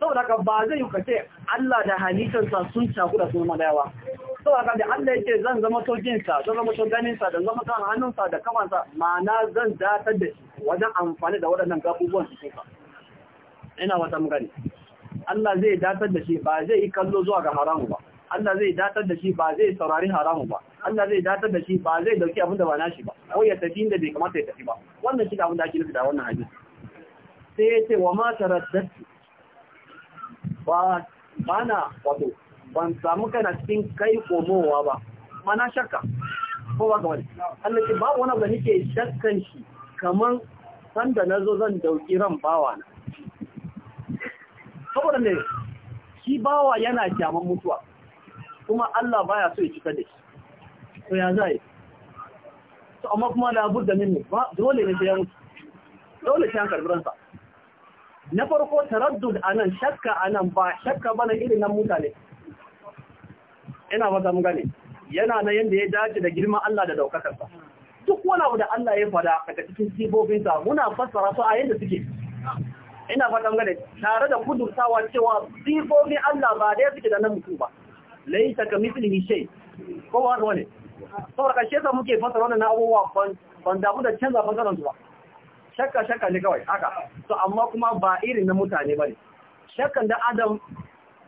[SPEAKER 1] saboda ka ba zai ka ce Allah da halittarsa sun caku da sun malayawa saboda ka da Allah yake zan zama tokinsa zan zama to ganinsa da zama kan hannunsa da kafansa ma'ana zan datar da shi wajen amfani da waɗannan gabubuwan su kuka ina wata magani Allah zai datar da shi ba zai yi kallo zuwa ga haramu ba Allah zai datar da shi ba zai saurari haramu ba Allah zai datar da shi ba zai dauki abin da ba nashi ba ko ya tafi inda bai kamata ya tafi ba wannan shi da abin da ake nufi da wannan hadisi sai ya ce wa ma taraddatu ba na wato ban samu kana cikin kai komowa ba mana shakka ko ba ga wani Allah ce ba wani da nike shakkan shi kamar sanda nazo zan dauki ran bawa na saboda ne shi bawa yana kyaman mutuwa kuma Allah baya so ya cika da shi to ya zai to amma kuma labudda min ba dole ne sai ya mutu dole sai an karbi ransa na farko taraddud anan shakka anan ba shakka bana irin nan mutane ina maza mu gane yana na yanda ya dace da girman Allah da daukakarsa duk wani abu da Allah ya fada daga cikin sa muna fassara su a yanda suke ina fata mun gane tare da kudurtawa cewa sifofin Allah ba da suke da nan mutum ba laisa ka mislihi shay ko wani saboda kashe sa muke fassara wannan abubuwa ban damu da canza fassaran su ba shakka shakka ne kawai haka to amma kuma ba irin na mutane bane shakkan da adam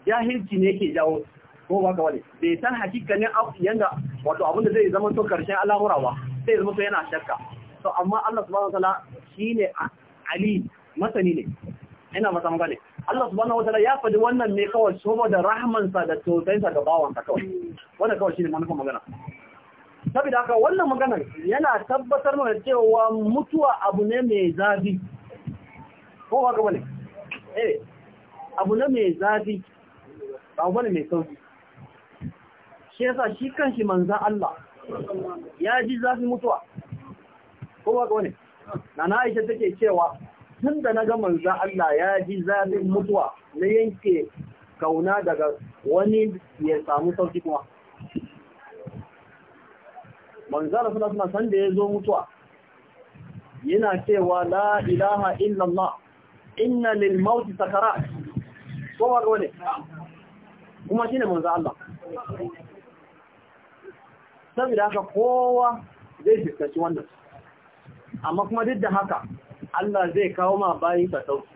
[SPEAKER 1] jahilci ne yake jawo ko ba ka wani bai san hakikanin yanda wato abin da zai zama to karshen al'amura ba sai zama to yana shakka to amma Allah subhanahu ta'ala shine ali masani ne ina san magana Allah subhanahu ta'ala ya faɗi wannan ne kawai saboda sa da tausayinsa ga bawansa kawai wannan kawai shine manufar magana saboda haka wannan maganar yana tabbatar mana cewa mutuwa abu ne mai zafi ko haka bane eh abu ne mai zafi ba bane mai sauki shi yasa shi kanshi manzo Allah ya ji zafi mutuwa ko haka bane na Aisha take cewa tun da na ga manzan Allah ya ji zafin mutuwa na yanke kauna daga wani ya samu sauki kuma manzara suna suna sanda ya zo mutuwa yana cewa la ilaha illallah inna lil mauti sakara' ko ba ga wani kuma shine manzo Allah saboda haka kowa zai fiskaci wannan amma kuma duk da haka Allah zai kawo ma bayin ka sauki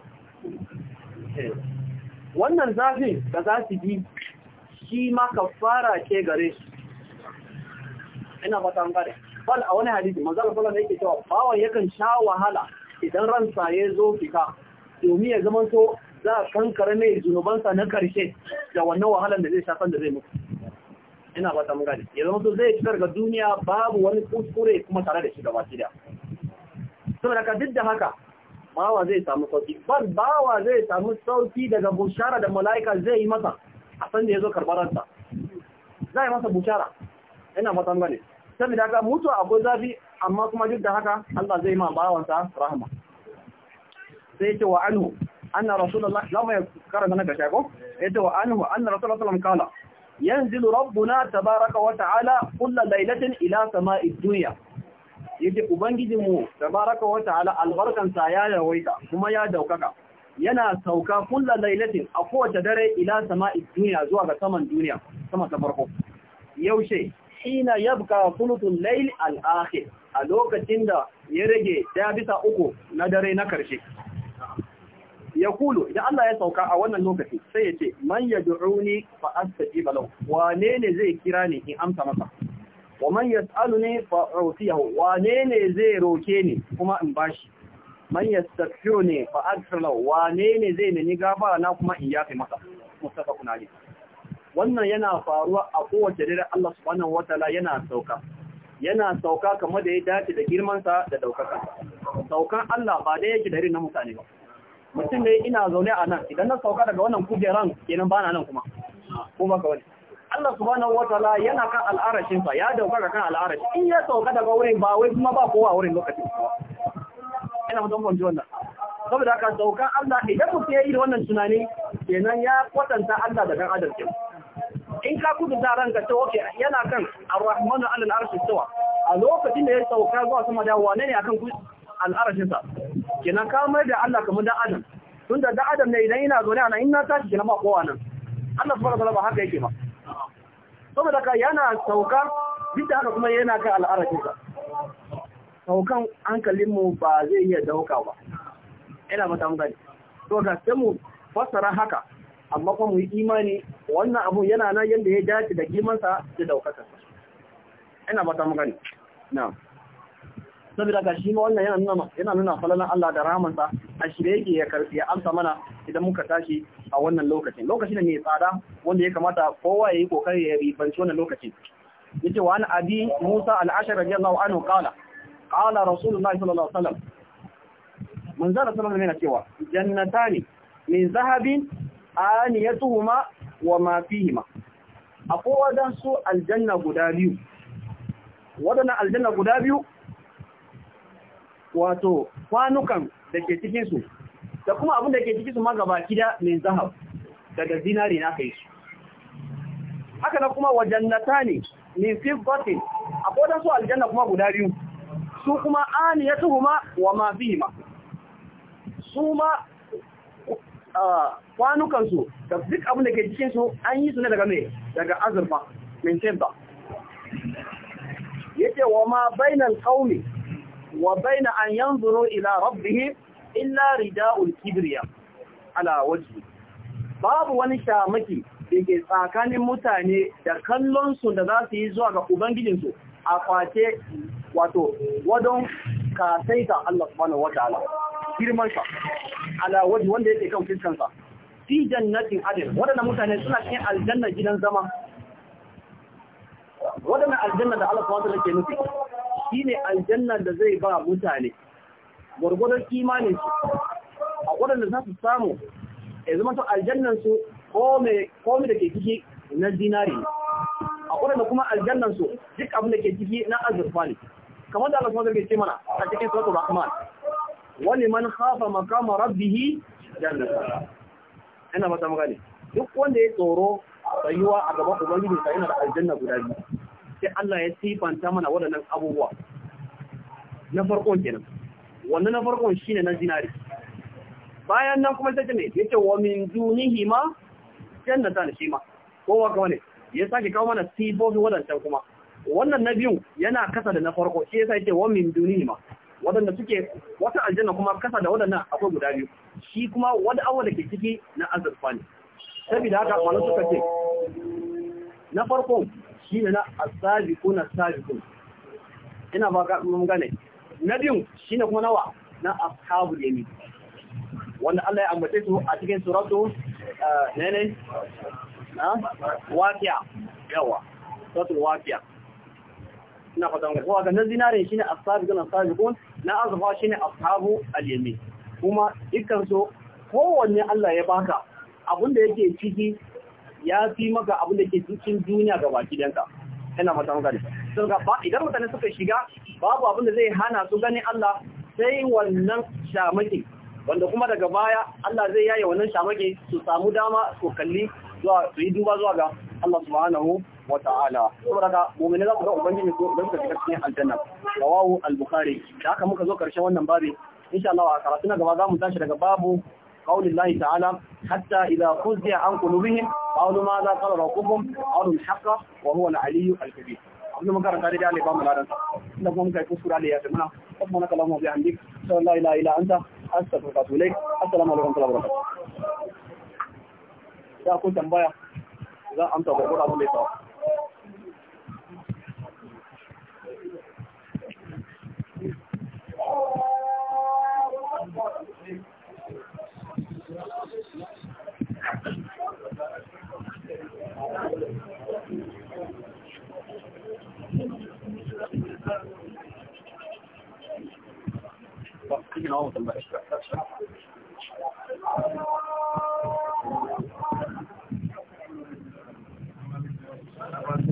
[SPEAKER 1] wannan zafi da za su bi shi ma kafara ce gare shi ina fata an gane bal a wani hadisi manzo Allah sallallahu alaihi wasallam yake cewa bawan yakan sha wahala idan ransa ya zo fita domin ya zama to za a kankare mai zunubansa na karshe da wannan wahalar da zai sha, kan da zai mutu ina ba ta gane ya zama to zai fitar ga duniya babu wani kuskure kuma tare da shi gaba ki da saboda ka duk da haka bawa zai samu sauki Bal bawa zai samu sauki daga bushara da mala'ika zai yi masa a san da ya zo karbaransa za a yi masa bushara ina matan gane saboda haka mutuwa akwai zafi amma kuma duk da haka Allah zai ma bawansa rahama sai ce wa anhu anna rasulullah lawa ya karanta na gashe ko Sai yace wa anhu anna rasulullah sallallahu alaihi wasallam kala yanzilu rabbuna tabaraka wa ta'ala kull lailatin ila sama'i dunya yace ubangijinmu tabaraka wa ta'ala albarkan sa ya yawaita kuma ya daukaka yana sauka kull lailatin a kowace dare ila sama'i dunya zuwa ga saman duniya sama ta farko yaushe hina yabka buka layl al-akhir a lokacin da ya rage ya bisa uku na dare na karshe ya kulu da Allah ya sauka a wannan lokaci sai ya ce man yad'uni fa astajiba lahu wane ne zai kira ni in amsa masa wa man yas'aluni fa utiyahu wane ne zai roke ni kuma in bashi man yastaghfiruni fa aghfir lahu wane ne zai nemi gafara na kuma in yafe masa mustafa kunali wannan yana faruwa a kowace dare Allah subhanahu wataala yana sauka yana sauka kamar da ya dace da girman sa da daukaka saukan Allah ba da yake dare na mutane ba mutum ne ina zaune a nan idan na sauka daga wannan kujeran kenan bana nan kuma kuma ka wani Allah subhanahu wataala yana kan al'arashin sa ya daukaka kan al'arashi in ya sauka daga wurin ba wai kuma ba kowa wurin lokacin ina mutum ban ji wannan saboda haka saukan Allah idan mutum ya yi wannan tunani kenan ya kwatanta Allah da kan adalcin. in ka kudu da ranka ta oke yana kan arrahmanu rahmanu alal arshi tawa a lokacin da ya sauka zuwa sama da wane ne akan arshi sa kenan ka mai da Allah kamar dan adam tunda dan adam ne idan ina zaune ana inna ta tashi kenan ba kowa nan Allah subhanahu wa ta'ala haka yake ba saboda ka yana sauka duk da haka kuma yana kan arshi sa saukan hankalinmu ba zai iya dauka ba ina mata mun gani to ga sai mu fassara haka amma kuma mu yi imani wannan abu yana nan yadda ya dace da gimansa da daukatarsa ina ba ta magani na saboda ga shi ma wannan yana nuna yana nuna falalan Allah da rahamansa a shirye yake ya karfi ya amsa mana idan muka tashi a wannan lokacin lokacin ne tsada wanda ya kamata kowa ya yi kokari ya ribanci wannan lokacin yace wa an abi Musa al-Ashar radiyallahu anhu qala qala rasulullahi sallallahu alaihi wasallam manzara sallallahu alaihi wasallam yana cewa jannatani min zahabin aniyatuhuma wa ma fihima akwai wadansu aljanna guda biyu wadannan aljanna guda biyu wato kwanukan da ke cikin su da kuma abin da ke cikin su ma gaba kida min zahab daga zinari na kai su haka na kuma wajannata ne min fifbatin akwai wadansu aljanna kuma guda biyu su kuma aniyatuhuma wa ma fihima su ma kwanukansu da duk abin da ke cikinsu an yi su ne daga mai daga azurfa min ya ce wa ma bainan kaumi wa baina an yanzuro ila rabbihi illa rida'ul kibriya ala wajhi babu wani shamaki da ke tsakanin mutane da kallonsu da za su yi zuwa ga ubangijinsu a kwace wato wadon kasaita Allah subhanahu wa ta'ala girman sa ala waje wanda yake kan fiskan sa fi jannatin adil wadannan mutane suna cikin aljanna gidan zama
[SPEAKER 2] wadannan aljanna da Allah subhanahu wa ta'ala ke nufi
[SPEAKER 1] shine aljanna da zai ba mutane gurgurdan imanin su a wadanda za su samu ya zama to aljannan su ko me da ke ciki na dinari a wadanda kuma aljannan su duk abin da ke ciki na azurfa ne kamar da Allah subhanahu wa ta'ala ke ce mana a cikin suratul rahman wani man khafa makama rabbihi jannata ina mata magani duk wanda ya tsoro tsayuwa a gaban ubangiji sa yana da aljanna guda biyu sai Allah ya sifanta mana waɗannan abubuwa na farkon kenan wannan na farkon shine na zinari bayan nan kuma sai ne yace wa min dunihi ma jannata ne shi ma ko wa kawai ya sake kawo mana sifofin waɗancan kuma wannan na biyu yana kasa da na farko shi yasa yace wa min dunihi ma waɗanda suke wata aljanna kuma kasa da waɗannan akwai guda biyu shi kuma wani awa da ke ciki na azurfa ne
[SPEAKER 2] saboda haka wani suka ce
[SPEAKER 1] na farko shi ne na asabiku na sabiku ina ba ka mun gane na biyu shi ne kuma nawa na ya yamin wanda Allah ya ambace su a cikin suratu
[SPEAKER 2] eh, nene ne
[SPEAKER 1] na wafiya yawa suratu wafiya. ina fata mu kowa gannan zinare shine as-sabiqun as-sabiqun na azfa shine ashabu al-yamin kuma dukkan so kowanne Allah ya baka abin da yake ciki ya fi maka abin da ke cikin duniya ga baki danka ina fata mu So, sun ga idan mutane suka shiga babu abin da zai hana su gani Allah sai wannan shamaki wanda kuma daga baya Allah zai yaye wannan shamake su samu dama su kalli zuwa su yi duba zuwa ga Allah subhanahu wa ta'ala saboda ga mu'mini za ku ga ubangiji ko idan suka shiga cikin aljanna rawahu al-bukhari da haka muka zo karshen wannan babi insha Allah a karatu na gaba za mu tashi daga babu قول an تعالى حتى إذا خزي عن قلوبهم قالوا ماذا قال ربكم قالوا الحق وهو al الكبير abin mun karanta da Allah ba mu ladan da kuma muka kuskura da yafi muna subhanaka allahumma wa bihamdik sallallahu la ilaha anta astaghfiruka wa assalamu alaikum wa rahmatullahi wa barakatuh ya ku tambaya za amsa gurgurda abin da But, you know, the best. That's